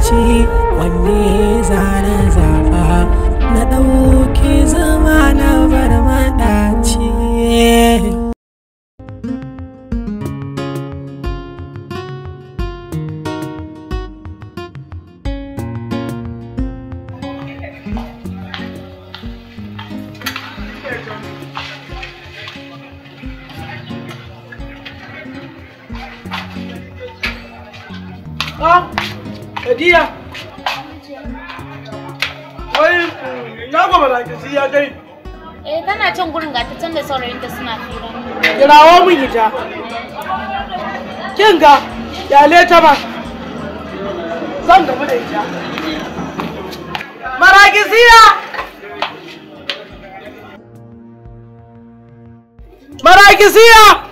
ce wanne zana zafa na ɗauki zama na bar maɗaci Oh! Kadiya. Wai na goma da kisi ya dai. Eh tana cin gurin ga ta can da saurayinta suna fira. Kirawo min ita. Kin ga yale ta ba. Zan gamu da ita. Maragisiya. Maragisiya.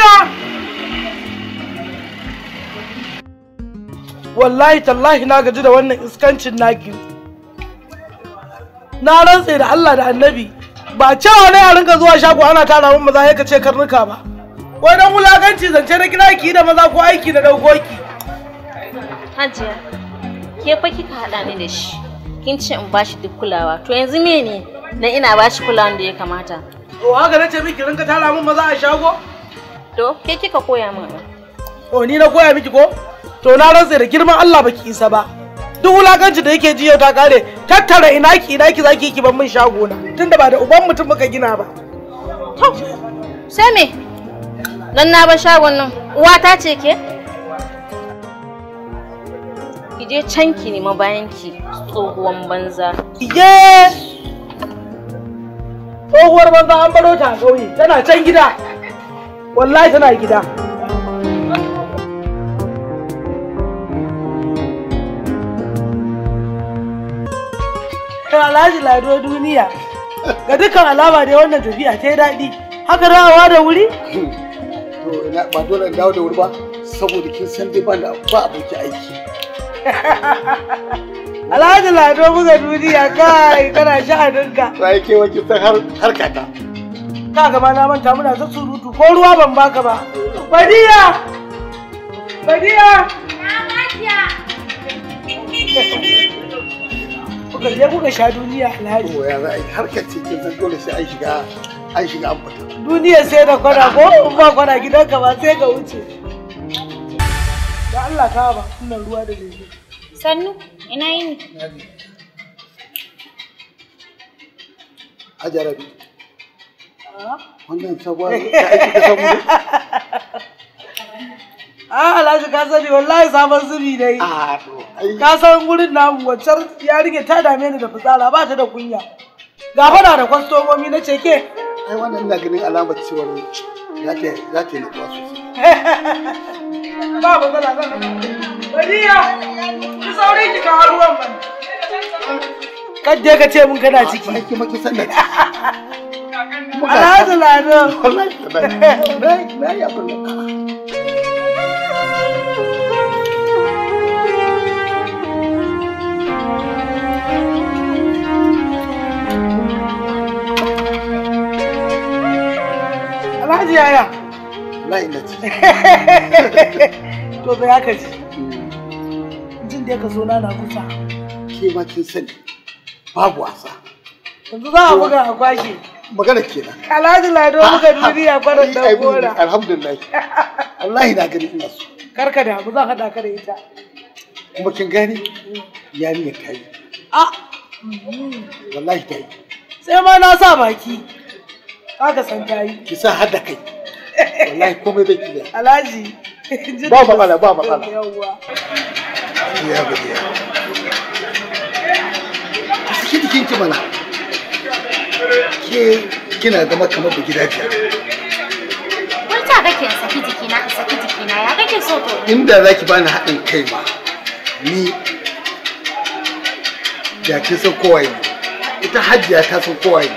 wallahi tallahi na gaji da wannan iskancin naki na rantse da Allah da annabi ba cewa ne a rinka zuwa shago ana tara min maza ya kace karnuka ba wai dan wulakanci zance na gina ki da maza ko aiki da dauko ki hajiya ke fa kika hada ni da shi kin ce in bashi duk kulawa to yanzu me ne na ina bashi kulawan da ya kamata to haka nace miki rinka tara min maza a shago To, ke kika koya min O ni na koya miki ko? To na rantsa da girman Allah baki isa ba. Duk wulakancin da yake ji yau ta kare, tattara ina ki ina ki zaki ki ban min shago na. Tunda ba da uban mutum muka gina ba. To, sai me? Dan na ba shagon nan, uwata ce ke? Ki je can ki ma, bayan ki tsohuwan banza. Ye! Tsohuwar banza an baro ta a ƙauye, tana can gida. wallahi tana gida Alhaji Lado duniya ga dukkan alama dai wannan tafiya ta yi daɗi haka dawowa da wuri? ba dole na dawo da wuri ba saboda kin san dai ba da ba aboki aiki Alhaji Lado buga duniya kai kana sha'aninka. Sai ke wajen har harkata. ka gaba na manta muna ta surutu ko ruwa ban baka ba badiya badiya kuka je kuka sha duniya alhaji ya za a yi harkar ce zan dole sai an shiga an shiga an fita sai da kwana ko in ba kwana gidanka ba sai ka wuce da Allah ka ba wannan ruwa da lemu sannu ina yini Hajarabi. wannan Ah, Alhaji ka sani wallahi sabon zubi dai. Ah, ka san gurin namu waccar yarinya ta dame ni da fitsara ba ta da kunya. Ga fada da kwastomomi na ce Ai wannan ina ganin alamar cewar za ta za ta sosai. Ba zala Bariya, ki ki ban. Ah. Kadde ka ce mun kana ciki. Ba ah, ki maki sannan. Alhaji Lado. Wallahi tallahi. Na yi abin nan. Alhaji yaya? Lai na ci. To bai haka ci. Jin da ka zo na na kusa. Ke ma kin sani. Babu wasa. Yanzu za a buga a kwashe. magana kenan alhaji lado ah, muka duniya barin da gora alhamdulillah wallahi na gani ina so karka da mu zan hada ka da ita kuma kin gani ni ya yi a ah. wallahi ta sai ma na sa baki haka san ta ki sa hada kai wallahi komai bai kiyaye alhaji ba matsala ba matsala ya godiya ki dikin ki mana ke kina zama kamar ba gida biya ta kake saki jikina saki jikina ya kake so to inda zaki bani haɗin kai ma ni da ke san kowa ne ita hajiya ta san kowa ne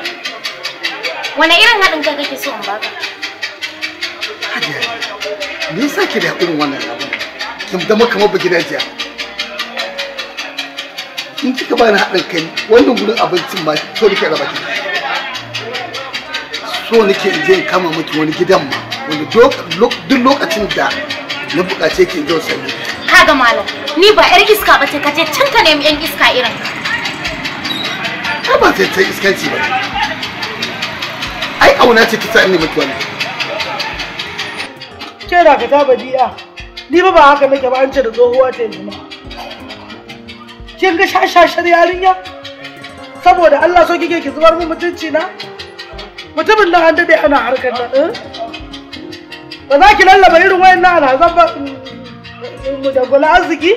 wani irin haɗin kai kake so in baka ne me yasa ke da irin wannan abin kin zama kamar ba gida jiya in kika bani haɗin kai wannan gurin abincin ma to kike ke raba ki so nake in je in kama miki wani gidan ma wani duk lokacin da na buƙace ki zo sai ka ga malam ni ba yar iska ba ta ka je can ka nemi yan iska irin ka ba sai ta ci ba ai kauna ce ki sa ni miki wani ke da ka ta badiya ni ba ba haka nake ba an ce da tsohuwa ta yanzu ma kin ga shashashar yarinya saboda Allah so kike ki zubar mu mutunci na mutumin nan an daɗe ana harkar nan eh? ba za ki lallaba irin wayan na alhazan ba mu mm, mm, mm, dagula arziki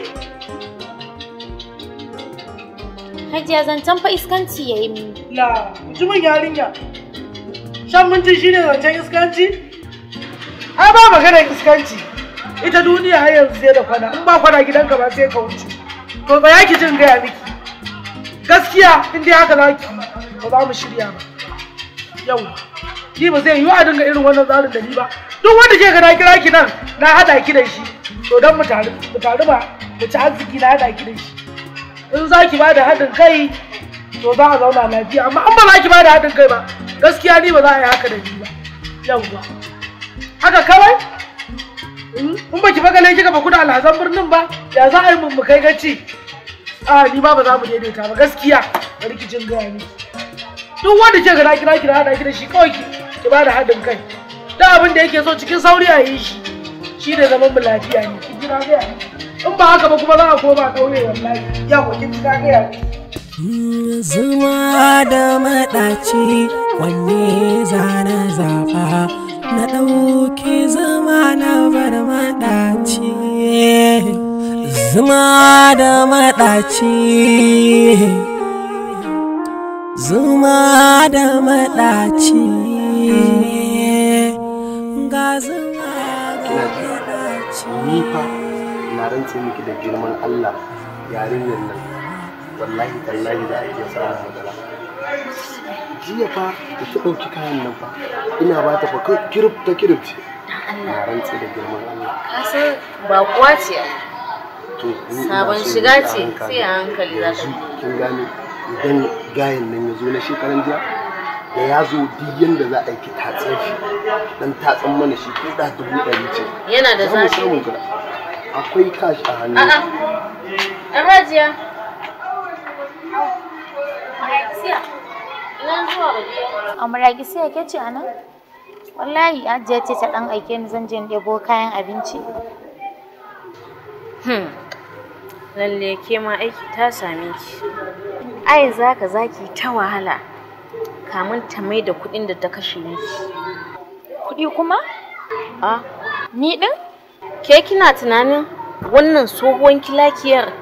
Hajiya zancen fa iskanci ya yi mu. La, mutumin yarinya. Shan minti shi ne zancen iskanci? Ai ba magana iskanci. Ita duniya har yanzu sai da kwana, in ba kwana gidanka ba sai ka wuce. To ya ki jin gaya miki. Gaskiya in dai haka za ki ba za mu shirya ba. yau shi ba zai yi a dinga irin wannan tsarin da ni ba duk wanda ke na kira ki nan na haɗa ki da shi to don mu taru mu taru ba mu ci arziki na haɗa ki da shi in za ki ba da haɗin kai to za a zauna lafiya amma an ba za ki ba da haɗin kai ba gaskiya ni ba za a yi haka da ni ba yawwa haka kawai hmm? in ba ki bagale kika ba da alhazan birnin ba ya za a yi mu kai gaci a ah, ni ba ba za mu daidaita ba gaskiya rikicin gaya miki duk wanda ke gana kira kira hada kira shi kawai ki ba da haɗin kai da abin da yake so cikin sauri a yi shi shi ne zaman mu lafiya ne ki jira ga in ba haka ba kuma za a koma kauye wallahi ya ko jira ga Zuma da maɗaci wanne zana zaba? na ɗauki zama na bar maɗaci zuma da maɗaci zuma da maɗaci ga zuma da maɗaci ni fa na rantse miki da girman Allah yarinyar nan wallahi tallahi da ake samun matsala jiya fa da ta ɗauki kayan nan fa ina ba ta fa kirif ta kirif ce na rantse da girman Allah ka san ba kuwa ce sabon shiga ce sai a hankali za ta kin gane idan gayan nan ya zo na shekaran jiya da ya zo duk yadda za a yi tatsan shi dan tatsan mana shi ko da dubu ɗari ce yana da zafi samun gara akwai kashi a hannu a'a an hajiya Amaragisiya ke ce a nan? Wallahi ajiya ce ta ɗan aike ni zan je ɗebo kayan abinci. Hmm. Lalle ke ma aiki ta same ki. ai zaka zaki ta wahala kamun ta mai da kuɗin da ta kashe miki kuɗi kuma a ni ɗin ke kina tunanin wannan sohuwan kilakiyar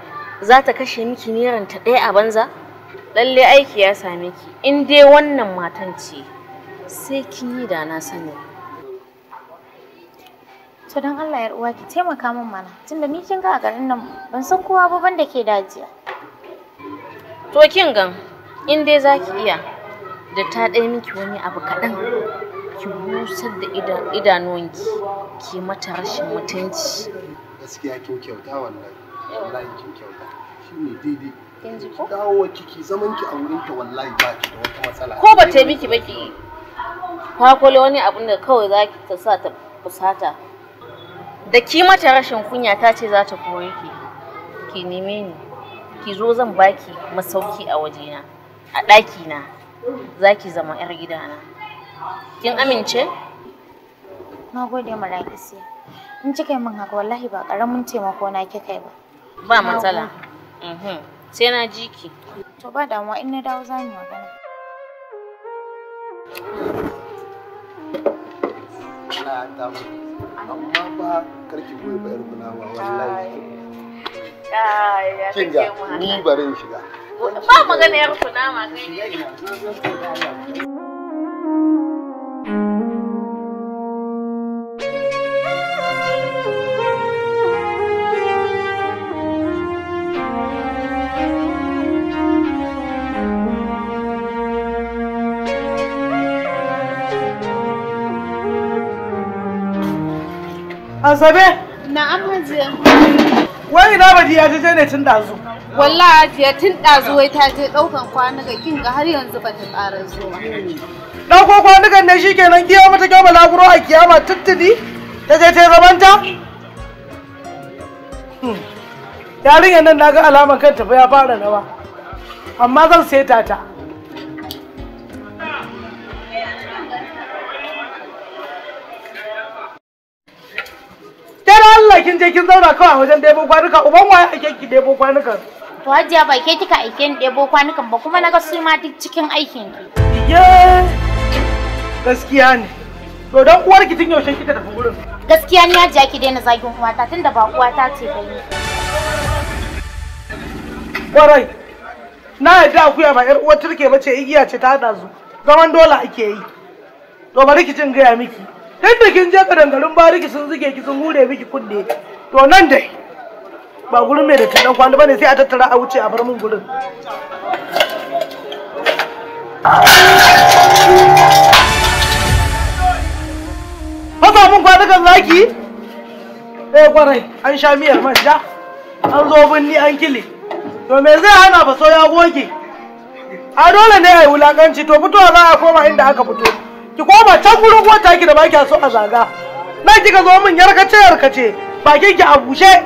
za ta kashe miki neran ta ɗaya a banza lalle aiki ya same ki in dai wannan matan ce sai kin yi da na sani to don Allah ya uwa ki taimaka min mana tunda ni kin ga a garin nan ban san kowa ba banda ke dajiya to kin gan in dai za ki iya da ta ɗaya miki wani abu kaɗan ki busar da idanuwanki ki mata rashin mutunci gaskiya kin kyauta wallahi wallahi kin kyauta shine daidai kin ji ko dawowa kiki zaman ki a wurin ta wallahi ba ki da wata matsala ko ba ta yi miki ba ki kwakwale wani abun da kawai za ki ta sa ta fusata da ki mata rashin kunya ta ce za ta koyi ki ki neme ni ki zo zan baki masauki a wajena a ɗakina za ki zama 'yar gidana kin amince? na gode malakisiya in ci kai min haka wallahi ba ƙaramin taimako na kika kai ba ba matsala mhm. sai na ji ki to ba damuwa in na dawo za mu magana amma ba karki goyi ba 'yar wallahi Kinga, ni bari shiga. Ba magana yar kunama kai ne. Asabe! wai ina baji ya je ne tun dazu wallahi ajiya tun dazu wai ta je daukan ga kin ga har yanzu ba ta ƙara zuwa dauko kwanukan ne shikenan giya mata ga balaguro a kiyama tuttudi ta je ta zamanta hmm. yarinyar nan na ga alaman kanta ba ya fara nawa amma zan seta ta kin je kin zauna kawai wajen debo kwanuka uban waye ake ki debo kwanukan to hajiya ba ke kika aike ni debo kwanukan ba kuma naga su ma duk cikin aikin ki ye gaskiya ne to dan uwar ki tun yaushe kika tafi gurin gaskiya ni hajiya ki daina zagin uwata tunda ba uwata ce ba ni warai na yadda akuya ba yar uwar turke bace igiya ce ta hada su zaman dole ake yi to bari ki jin gaya miki yadda kin je ka dangarin bariki sun zuge ki sun hure miki kunne to nan dai ba gurin mai da kaɗan kwanu bane sai a tattara a wuce a bar min gurin Haka mun kwanukan zaki? Eh kwarai, an sha miyar manja, an zo binni an kile. To me zai hana ba so ya goge? A dole ne a wulakanci to fitowa za a koma inda aka fito. ki koma can gurin wata taki da baki so a zaga nan kika zo min yarkace yarkace bakin ki a bushe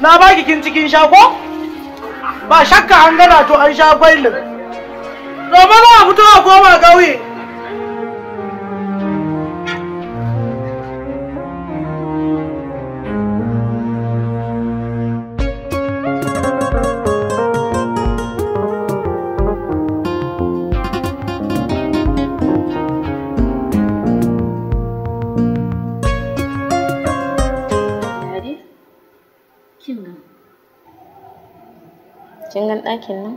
na baki kin cikin shago ba shakka an gana to an sha gwailin domin a fito a koma ƙauye kin gan ɗakin nan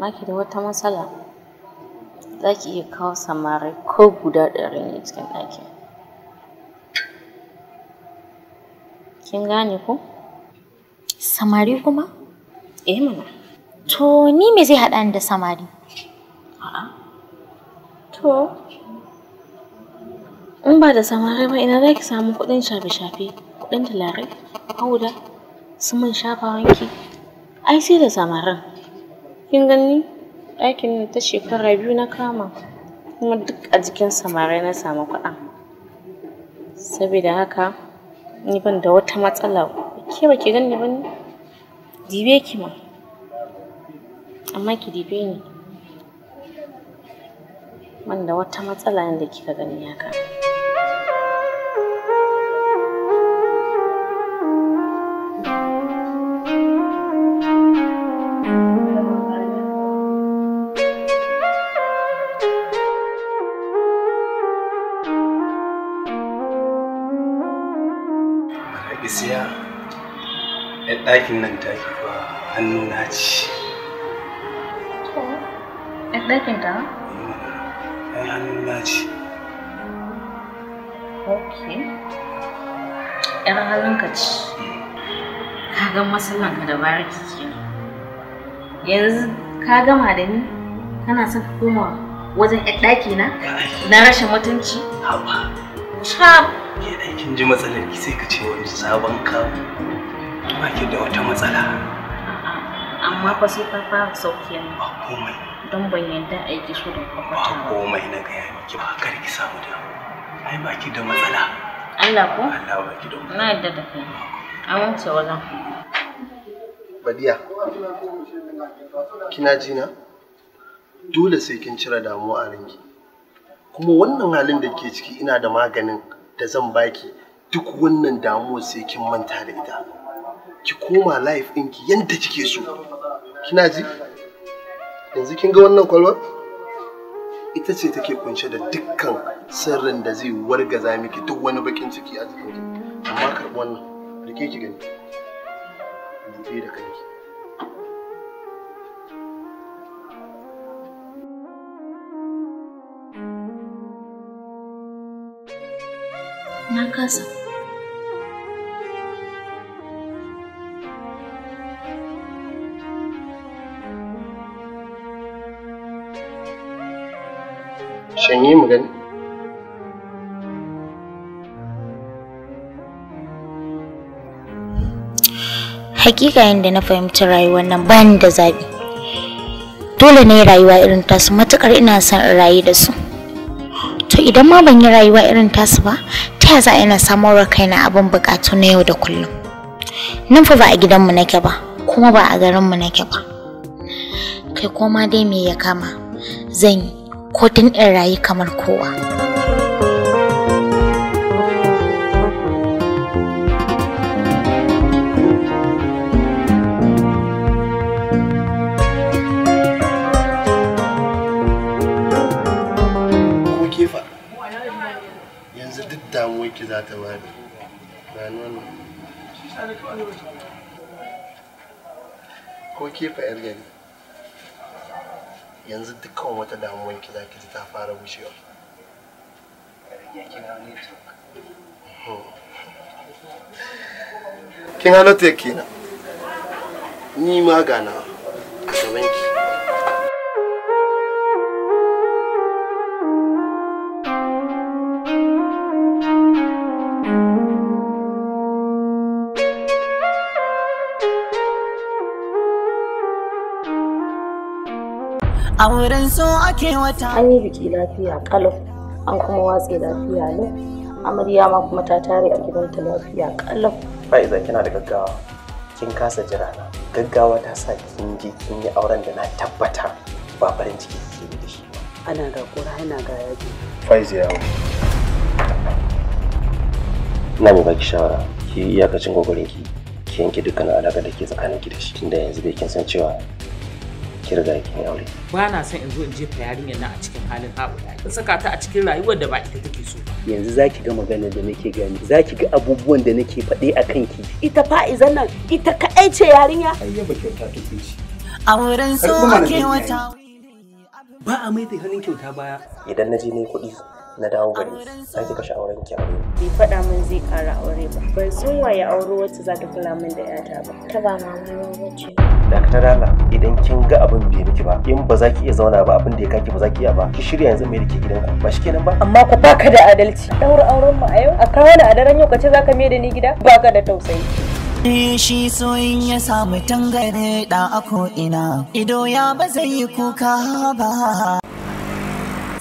baki da wata matsala za ki iya kawo samarai ko guda ɗari ne cikin ɗakin kin gane ko samari kuma eh mana to ni me zai haɗa ni da samari a'a to in ba da samari ba ina za ki samu kuɗin shafe-shafe kuɗin da Larai, hauda su man wanki? ai sai da samarin kin gani ɗakin ta shekara biyu na kama kuma duk a jikin samarai na samu kuɗa saboda haka ni ban da wata matsala ke ba ki gani ba dibe ki ma amma ki dibe ni ban da wata matsala yadda kika gani haka. bisiya ya ɗakin nan ta ke fa, hannu na ci ya ɗakin ta ya hannu na ci ok yar halin ka ci ka ga matsalan ka da baraki ke yanzu ka gama da ni kana son ka koma wajen ɗaki na na rashin mutunci? Haba. Chap. ke dai kin ji matsalar ki sai ka ce wani sabon kawo ba ki da wata matsala amma fa sai ka fara sauki ne ba komai don ban yadda aiki su da kwakwata ba komai na gaya miki ba kar ki samu da ai ba ki da matsala Allah ko Allah ba ki da matsala na yadda da kai amince wajen Badiya kina jina dole sai kin cire damuwa a ranki kuma wannan halin da ke ciki ina da maganin da zan baki duk wannan damuwar sai kin manta da ita ki koma life ɗinki yadda kike so kina ji yanzu kin ga wannan kwalwar ita ce take kunshe da dukkan sirrin da zai wargaza miki duk wani bakin ciki a jikinki amma karɓi wannan rike ki gani da kanki na kasa shanye mu gani hakika yadda na fahimci rayuwar nan ban da zabi dole ne rayuwa irin tasu matukar ina son in rayu da su to idan ma ban yi rayuwa irin tasu ba ta za ina samar wa kaina abin bukatu na yau da kullum nan fa ba a gidanmu nake ba kuma ba a garinmu nake ba kai koma dai me ya kama zan yi ko tun in rayu kamar kowa damuwarki za ta ne? ko ke yar gari yanzu dukkan wata damuwarki za ki ta fara wucewa kin hana teki kenan ni ma gana a gabanki wurin su ake wata an yi biki lafiya kalau an kuma watse lafiya lau amarya ma kuma ta tare a gidanta lafiya kalau fa'iza kina da gaggawa kin kasa jira na gaggawa ta sa kin je kin yi auren da na tabbata ba farin ciki ke da shi ana ga kura ana ga yaji faiza yawo na mai baki shawara ki iyakacin gwagwarin ki ki yanke dukkan alaƙa da ke tsakanin ki da shi tunda yanzu bai kin san cewa Kirga riga aure ba na son in zo in jefa yarinyar na a cikin halin haɓuya in saka ta a cikin rayuwar da ba ita take so ba. yanzu za ki ga maganar da nake gani ki ga abubuwan da nake faɗe a kanki ita fa fa'izan nan ita kaɗai ce yarinya kyauta ta a wurin so a kewata. ba a mai da hannun kyauta baya idan na je ne kuɗi na dawo gari za ki kashe auren ki aure bai faɗa min zai ƙara aure ba ban san waye aure wacce za ta kula min da yata ba ta ba mama wace dakatar Allah idan kin ga abin bai miki ba in ba za ki iya zauna ba abin da ya kaki ba za ki iya ba ki shirya yanzu mai da ke gidanku ba shi kenan ba amma ku baka da adalci daura auren mu a yau a kawo ni a daren yau kace zaka mai da ni gida baka da tausayi shi soyin ya samu tangare da ako ina ido ya ba zai yi kuka ba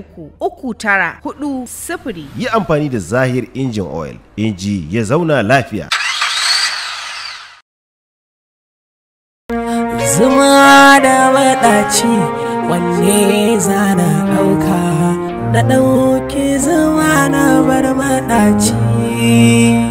uku uku tara hudu sifiri. Yi amfani da Zahir injin oil, inji ya zauna lafiya. Zuma da maɗaci wanne zana ɗauka, da ɗauki zuma na bar maɗaci.